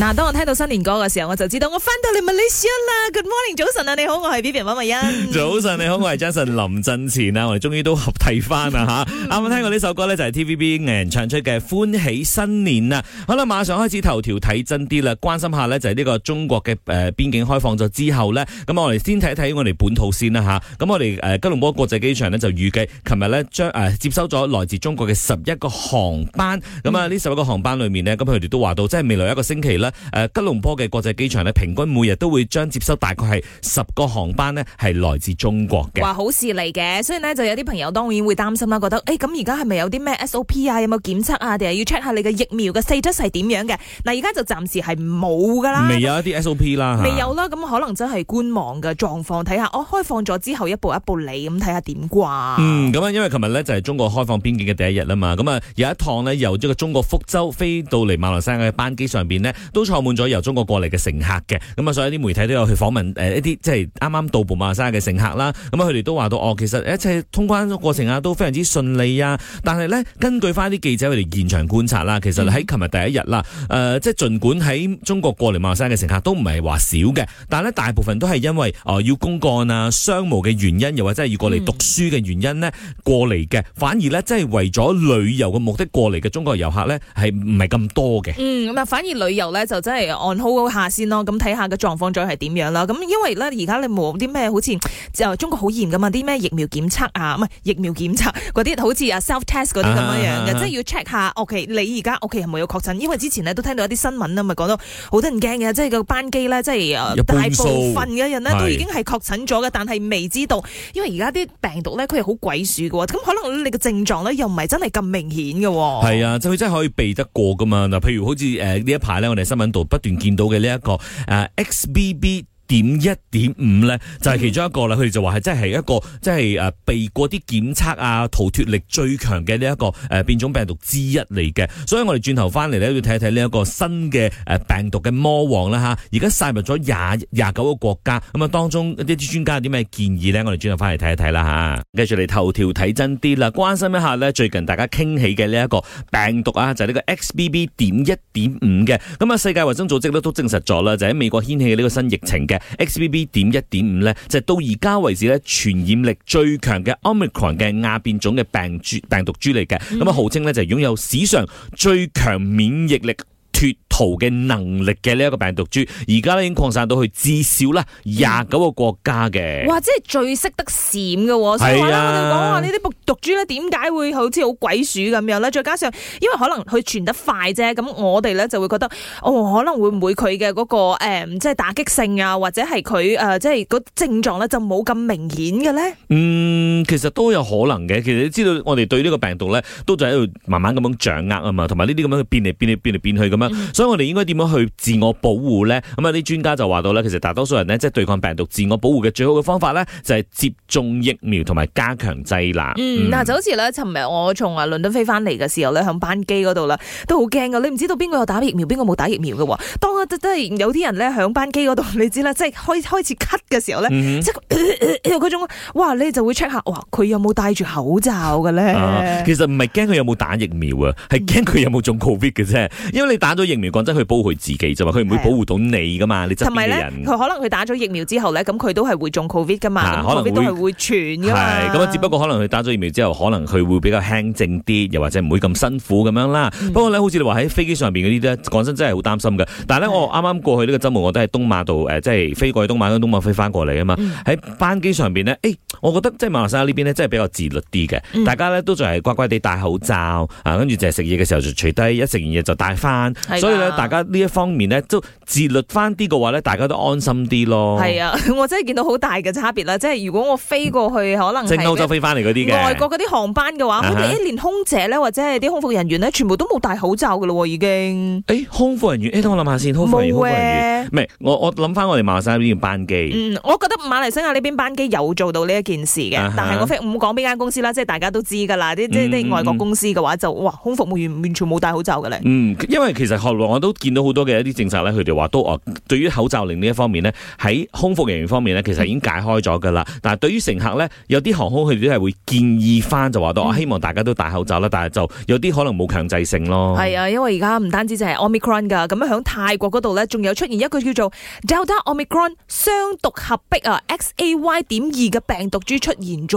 嗱，當我聽到新年歌嘅時候，我就知道我翻到嚟 Malaysia 啦。Good morning，早晨啊，你好，我係 B B B 溫文茵。早晨，你好，我係 Jason 林振前啊，我哋終於都合體翻啦吓。啱啱 聽過呢首歌咧，就係 T V B 藝人唱出嘅《歡喜新年》啊。好啦，馬上開始頭條睇真啲啦，關心下呢，就係呢個中國嘅誒邊境開放咗之後呢。咁我哋先睇睇我哋本土先啦吓。咁我哋誒、呃、吉隆坡國際機場呢，就預計琴日呢將誒、呃、接收咗來自中國嘅十一個航班。咁啊呢十一個航班裏面呢，咁佢哋都話到，即係未來一個星期啦。誒，吉隆坡嘅國際機場咧，平均每日都會將接收大概係十個航班咧，係來自中國嘅。話好事嚟嘅，所以呢就有啲朋友當然會擔心啦，覺得誒咁而家係咪有啲咩 S O P 啊，有冇檢測啊，定係要 check 下你嘅疫苗嘅 status 係點樣嘅？嗱，而家就暫時係冇噶啦，未有一啲 S O P 啦，未有啦，咁可能真係觀望嘅狀況，睇下我開放咗之後一步一步嚟咁睇下點啩？看看嗯，咁啊，因為琴日呢就係中國開放邊境嘅第一日啦嘛，咁啊有一趟呢由呢係個中國福州飛到嚟馬來西亞嘅班機上邊呢。都坐滿咗由中國過嚟嘅乘客嘅，咁啊，所以啲媒體都有去訪問誒一啲即係啱啱到步馬山嘅乘客啦，咁啊，佢哋都話到哦，其實一切通關過程啊都非常之順利啊，但係咧根據翻啲記者佢哋現場觀察啦，其實喺琴日第一日啦，誒、嗯呃，即係儘管喺中國過嚟馬山嘅乘客都唔係話少嘅，但係大部分都係因為哦、呃、要公幹啊商務嘅原因，又或者係要過嚟讀書嘅原因呢、嗯、過嚟嘅，反而咧即係為咗旅遊嘅目的過嚟嘅中國遊客咧係唔係咁多嘅。咁啊、嗯，反而旅遊咧。就真係按好下先咯，咁睇下個狀況再係點樣啦。咁因為咧，而家你冇啲咩好似就中國好嚴噶嘛，啲咩疫苗檢測啊，唔係疫苗檢測嗰啲，好似啊 self test 嗰啲咁樣樣嘅，即係要 check 下、啊、OK，你而家屋企係咪有確診？因為之前呢都聽到一啲新聞啦，咪講到好多人驚嘅，即係個班機咧，即係大部分嘅人呢都已經係確診咗嘅，但係未知道，因為而家啲病毒咧佢係好鬼鼠嘅，咁可能你嘅症狀咧又唔係真係咁明顯嘅。係啊，即、就是、真係可以避得過噶嘛？嗱，譬如好似誒呢一排咧，我哋。新聞度不斷見到嘅呢一個誒 XBB。點一點五咧，1 1. 就係其中一個啦。佢哋、嗯、就話係即係一個即係誒避過啲檢測啊逃脱力最強嘅呢一個誒變種病毒之一嚟嘅。所以我哋轉頭翻嚟咧要睇一睇呢一個新嘅誒病毒嘅魔王啦吓。而家晒入咗廿廿九個國家，咁啊當中一啲專家有啲咩建議咧？我哋轉頭翻嚟睇一睇啦吓。繼續嚟頭條睇真啲啦，關心一下咧，最近大家傾起嘅呢一個病毒啊，就係、是、呢個 XBB 點一點五嘅。咁啊，世界衛生組織都都證實咗啦，就喺美國掀起呢個新疫情嘅。XBB. 點一點五咧，就係到而家為止咧傳染力最強嘅 Omicron 嘅亞變種嘅病病毒株嚟嘅，咁啊、嗯、號稱咧就係擁有史上最強免疫力脱。嘅能力嘅呢一個病毒株，而家咧已經擴散到去至少咧廿九個國家嘅、嗯。哇！即係最識得閃嘅。係啊，所以我哋講話呢啲毒株咧，點解會好似好鬼鼠咁樣咧？再加上，因為可能佢傳得快啫，咁我哋咧就會覺得哦，可能會唔會佢嘅嗰個誒、嗯，即係打擊性啊，或者係佢誒，即係嗰症狀咧就冇咁明顯嘅咧？嗯，其實都有可能嘅。其實你知道，我哋對呢個病毒咧，都就喺度慢慢咁樣掌握啊嘛，同埋呢啲咁樣變嚟變嚟，變嚟，變去、變嚟變去咁樣，所以。我哋應該點樣去自我保護呢？咁啊，啲專家就話到咧，其實大多數人咧，即係對抗病毒自我保護嘅最好嘅方法咧，就係接種疫苗同埋加強劑啦。嗯，嗱，嗯，就好似咧，尋日我從啊倫敦飛翻嚟嘅時候咧，響班機嗰度啦，都好驚噶，你唔知道邊個有打疫苗，邊個冇打疫苗嘅。都都有啲人咧喺班機嗰度，你知啦，即係開開始咳嘅時候咧，嗯、哼即係嗰種哇咧就會 check 下，哇佢有冇戴住口罩嘅咧，啊？其實唔係驚佢有冇打疫苗啊，係驚佢有冇中 c o v i d 嘅啫。因為你打咗疫苗，講真，佢保護自己就話，佢唔會保護到你噶嘛。你身邊人，佢可能佢打咗疫苗之後咧，咁佢都係會中 c o v i d 噶嘛，咁、啊、都係會傳噶嘛。咁啊，只不過可能佢打咗疫苗之後，可能佢會比較輕症啲，又或者唔會咁辛苦咁樣啦。嗯、不過咧，好似你話喺飛機上邊嗰啲咧，講真的真係好擔心噶。但係啱啱、哦、過去呢個周末我都係東馬度誒、呃，即係飛過去東馬，東馬飛翻過嚟啊嘛。喺、嗯、班機上邊呢，誒、欸，我覺得即係馬來西亞呢邊咧，真係比較自律啲嘅，嗯、大家咧都仲係乖乖地戴口罩跟住、啊、淨係食嘢嘅時候就除低，一食完嘢就戴翻。的所以咧，大家呢一方面呢，都自律翻啲嘅話咧，大家都安心啲咯。係啊，我真係見到好大嘅差別啦。即係如果我飛過去，可能喺歐洲飛翻嚟嗰啲嘅外國嗰啲航班嘅話，佢哋、uh huh、一連空姐咧或者係啲空服人員咧，全部都冇戴口罩嘅咯，已經。誒、欸，空服人員，欸、等我諗下先。冇有啊！唔係我我諗翻我哋馬來西亞呢邊班機、嗯，我覺得馬來西亞呢邊班機有做到呢一件事嘅，啊、哈 但係我唔講邊間公司啦，即係大家都知㗎啦，嗯嗯即係啲外國公司嘅話就哇，空服務員完全冇戴口罩嘅咧、嗯。因為其實後來我都見到好多嘅一啲政策咧，佢哋話都啊，對於口罩令呢一方面呢喺空服人員方面呢，其實已經解開咗㗎啦。但係對於乘客呢，有啲航空佢哋都係會建議翻就話我、嗯嗯、希望大家都戴口罩啦，但係就有啲可能冇強制性咯。係啊，因為而家唔單止就係 Omicron 㗎，咁樣喺泰國。嗰度咧，仲有出現一個叫做 Delta Omicron 雙毒合璧啊 XAY 點二嘅病毒株出現咗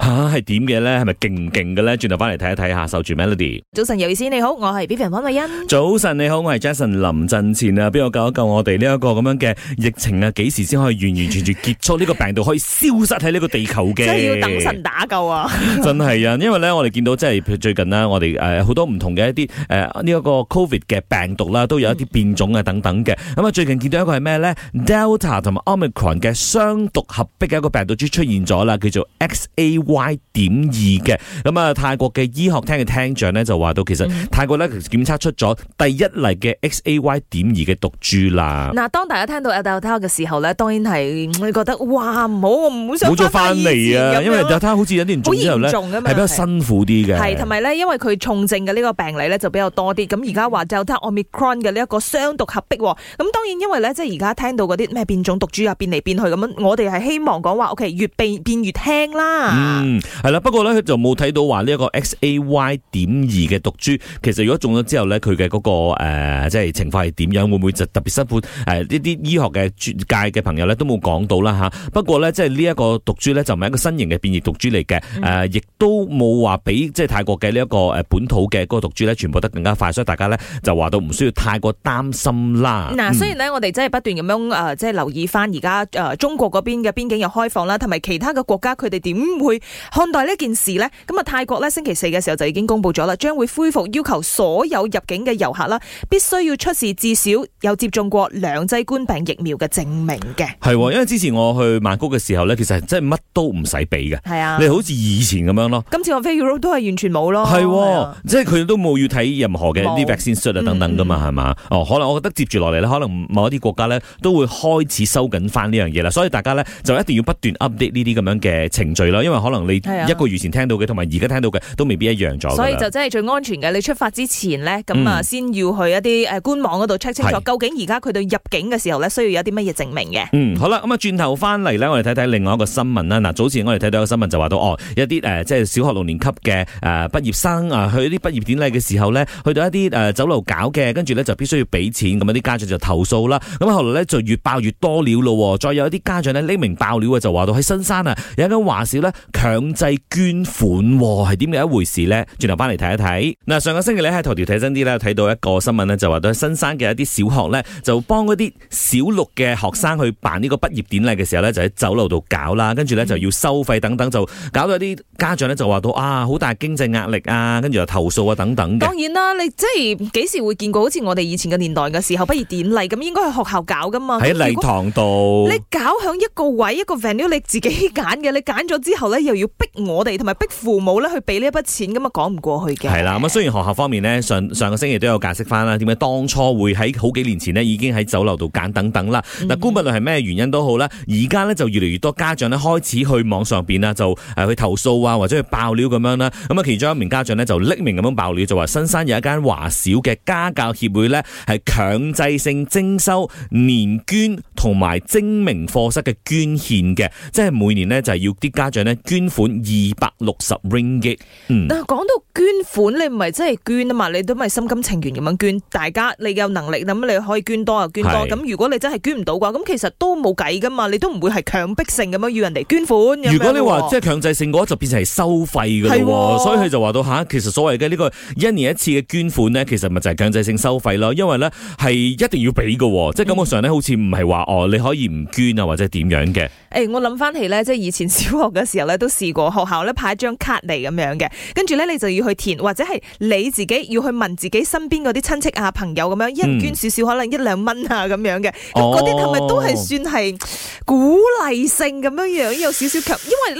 吓，係點嘅咧？係咪勁勁嘅咧？轉頭翻嚟睇一睇下，守住 Melody。早晨，有意思，你好，我係 Vivian 方慧欣。早晨你好，我係 Jason 林振前啊，邊個救一救我哋呢一個咁樣嘅疫情啊？幾時先可以完完全全結束呢個病毒可以消失喺呢個地球嘅？即係 要等神打救啊！真係啊，因為咧我哋見到即係最近啦，我哋誒好多唔同嘅一啲誒呢一個 Covid 嘅病毒啦，都有一啲變種啊。嗯等等嘅咁啊！最近見到一個係咩咧？Delta 同埋 Omicron 嘅雙毒合璧嘅一個病毒株出現咗啦，叫做 XAY 點二嘅。咁啊，泰國嘅醫學廳嘅廳長咧就話到，其實泰國咧其實檢測出咗第一例嘅 XAY 點二嘅毒株啦。嗱，當大家聽到有 Delta 嘅時候咧，當然係我哋覺得哇，唔好，我唔好想。冇再翻嚟啊！因為 Delta 好似有啲嚴重嘅嘛，係比較辛苦啲嘅。係同埋咧，因為佢重症嘅呢個病例咧就比較多啲。咁而家話有 Delta Omicron 嘅呢一個雙毒合逼，咁當然，因為咧，即係而家聽到嗰啲咩變種毒株啊，變嚟變去咁樣，我哋係希望講話，O K，越變變越輕啦。嗯，係啦，不過咧就冇睇到話呢一個 X A Y 點二嘅毒株，其實如果中咗之後咧，佢嘅嗰個誒，即、呃、係、就是、情況係點樣，會唔會就特別辛苦？誒、呃，呢啲醫學嘅界嘅朋友咧都冇講到啦吓。不過咧，即係呢一個毒株咧就唔係一個新型嘅變異毒株嚟嘅，誒、呃，亦、嗯、都冇話比即係、就是、泰國嘅呢一個誒本土嘅嗰個毒株咧，傳播得更加快，所以大家咧就話到唔需要太過擔心、嗯。擔心嗱、嗯、雖然咧，我哋真係不斷咁樣誒，即係留意翻而家誒中國嗰邊嘅邊境又開放啦，同埋其他嘅國家佢哋點會看待呢件事呢？咁啊，泰國呢星期四嘅時候就已經公布咗啦，將會恢復要求所有入境嘅遊客啦，必須要出示至少有接種過兩劑冠病疫苗嘅證明嘅。係、啊，因為之前我去曼谷嘅時候呢，其實真係乜都唔使俾嘅。係啊，你好似以前咁樣咯。今次我飛 Europe 都係完全冇咯。係、啊，啊、即係佢都冇要睇任何嘅沒啲 vaccine 等等噶嘛，係嘛、嗯嗯？哦，可能我覺得。接住落嚟咧，可能某一啲國家咧都會開始收緊翻呢樣嘢啦，所以大家咧就一定要不斷 update 呢啲咁樣嘅程序啦，因為可能你一個月前聽到嘅同埋而家聽到嘅都未必一樣咗。所以就真係最安全嘅，你出發之前咧，咁、嗯、啊、嗯、先要去一啲官網嗰度 check 清楚，究竟而家佢哋入境嘅時候咧，需要有啲乜嘢證明嘅。嗯，好啦，咁啊轉頭翻嚟咧，我哋睇睇另外一個新聞啦。嗱，早前我哋睇到一個新聞就話到，哦，一啲即係小學六年級嘅誒、呃、畢業生啊，去啲畢業典禮嘅時候咧，去到一啲誒酒樓搞嘅，跟住咧就必須要俾錢。咁啲家長就投訴啦。咁後來咧就越爆越多料咯。再有啲家長呢，匿名爆料嘅就話到喺新山啊，有間華小咧強制捐款，係點嘅一回事呢？轉頭翻嚟睇一睇嗱，上個星期咧喺頭條睇真啲咧，睇到一個新聞咧，就話到喺新山嘅一啲小學咧，就幫嗰啲小六嘅學生去辦呢個畢業典禮嘅時候咧，就喺酒樓度搞啦，跟住咧就要收費等等，就搞到啲家長咧就話到啊，好大經濟壓力啊，跟住又投訴啊等等嘅。當然啦，你即係幾時會見過好似我哋以前嘅年代嘅然後不如典禮咁應該去學校搞噶嘛？喺禮堂度，你搞響一個位一個 venue 你自己揀嘅，你揀咗之後咧，又要逼我哋，同埋逼父母咧去俾呢一筆錢，咁啊講唔過去嘅。係啦，咁啊雖然學校方面咧，上上個星期都有解釋翻啦，點解當初會喺好幾年前呢已經喺酒樓度揀等等啦。嗱，姑勿論係咩原因都好啦，而家咧就越嚟越多家長咧開始去網上邊啦，就誒去投訴啊，或者去爆料咁樣啦。咁啊其中一名家長咧就匿名咁樣爆料，就話新山有一間華小嘅家教協會咧係強。強制性徵收年捐同埋精明課室嘅捐獻嘅，即係每年呢，就係、是、要啲家長呢捐款二百六十 ringgit、嗯。但係講到捐款，你唔係真係捐啊嘛，你都咪心甘情願咁樣捐。大家你有能力咁，你可以捐多就捐多。咁是如果你真係捐唔到嘅話，咁其實都冇計噶嘛，你都唔會係強迫性咁樣要人哋捐款。如果你話即係強制性嘅話，就變成係收費噶咯。哦、所以佢就話到吓，其實所謂嘅呢個一年一次嘅捐款呢，其實咪就係強制性收費咯，因為呢。係。係一定要俾嘅，哦，即係感覺上咧，好似唔係話哦，你可以唔捐啊，或者點樣嘅？誒、欸，我諗翻起咧，即係以前小學嘅時候咧，都試過學校咧派一張卡嚟咁樣嘅，跟住咧你就要去填，或者係你自己要去問自己身邊嗰啲親戚啊、朋友咁樣，一捐少少，嗯、可能一兩蚊啊咁樣嘅。哦，嗰啲係咪都係算係鼓勵性咁樣樣，有少少強？因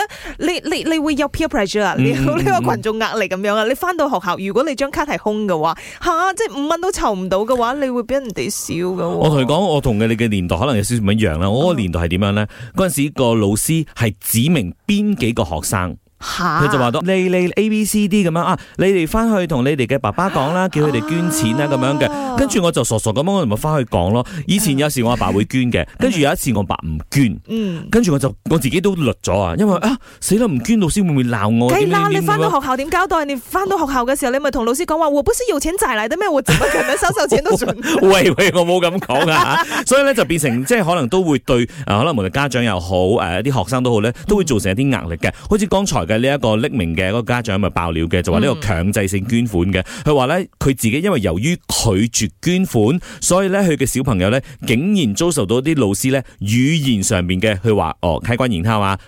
為咧，你你你會有 peer pressure，呢個呢個群眾壓力咁樣啊。嗯嗯、你翻到學校，如果你張卡係空嘅話，吓、啊，即係五蚊都籌唔到嘅話，你會俾？人哋笑噶，我同你講，我同你哋嘅年代可能有少少唔一樣啦。我嗰個年代係點樣咧？陣時個老師係指明邊幾個學生。佢蛤就話到你你 A B C D 咁樣啊，你哋翻去同你哋嘅爸爸講啦，叫佢哋捐錢啦咁、啊、樣嘅。跟住我就傻傻咁樣，我咪翻去講咯。以前有時我阿爸，爸會捐嘅，跟住有一次我阿爸唔捐，跟住、嗯、我就我自己都劣咗啊，因為啊死啦唔捐老師會唔會鬧我？咁你翻到學校點交代？你翻到學校嘅時候，你咪同老師講話，我不是有錢仔嚟咩？我點？可能收收錢都存？ 喂喂，我冇咁講啊， 所以咧就變成即係可能都會對可能無論家長又好誒，一、啊、啲學生都好咧，都會造成一啲壓力嘅，好似剛才嘅。呢一個匿名嘅，嗰個家長咪爆料嘅，就話呢個強制性捐款嘅，佢話咧佢自己因為由於拒絕捐款，所以咧佢嘅小朋友咧竟然遭受到啲老師咧語言上面嘅，佢話哦，開關言他啊，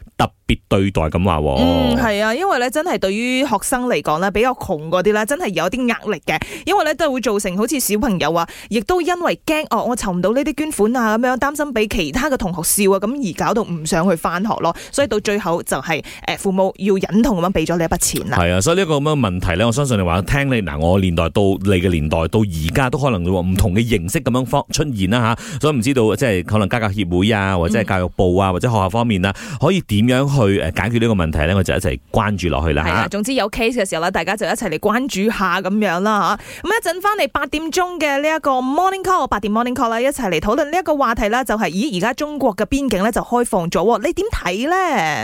別對待咁話，哦、嗯係啊，因為咧真係對於學生嚟講咧比較窮嗰啲咧，真係有啲壓力嘅，因為咧都係會造成好似小朋友啊，亦都因為驚哦，我籌唔到呢啲捐款啊，咁樣擔心俾其他嘅同學笑啊，咁而搞到唔想去翻學咯，所以到最後就係誒父母要忍痛咁樣俾咗你一筆錢啦。係啊，所以呢個咁嘅問題咧，我相信你話聽你嗱，我年代到你嘅年代到而家都可能會唔同嘅形式咁樣方出現啦吓，嗯、所以唔知道即係可能家教協會啊，或者係教育部啊，或者學校方面啊，可以點樣？去誒解決呢個問題咧，我就一齊關注落去啦。係啊，總之有 case 嘅時候咧，大家就一齊嚟關注下咁樣啦吓。咁一陣翻嚟八點鐘嘅呢一個 morning call，八點 morning call 啦，一齊嚟討論呢一個話題啦，就是。就係咦，而家中國嘅邊境咧就開放咗，你點睇咧？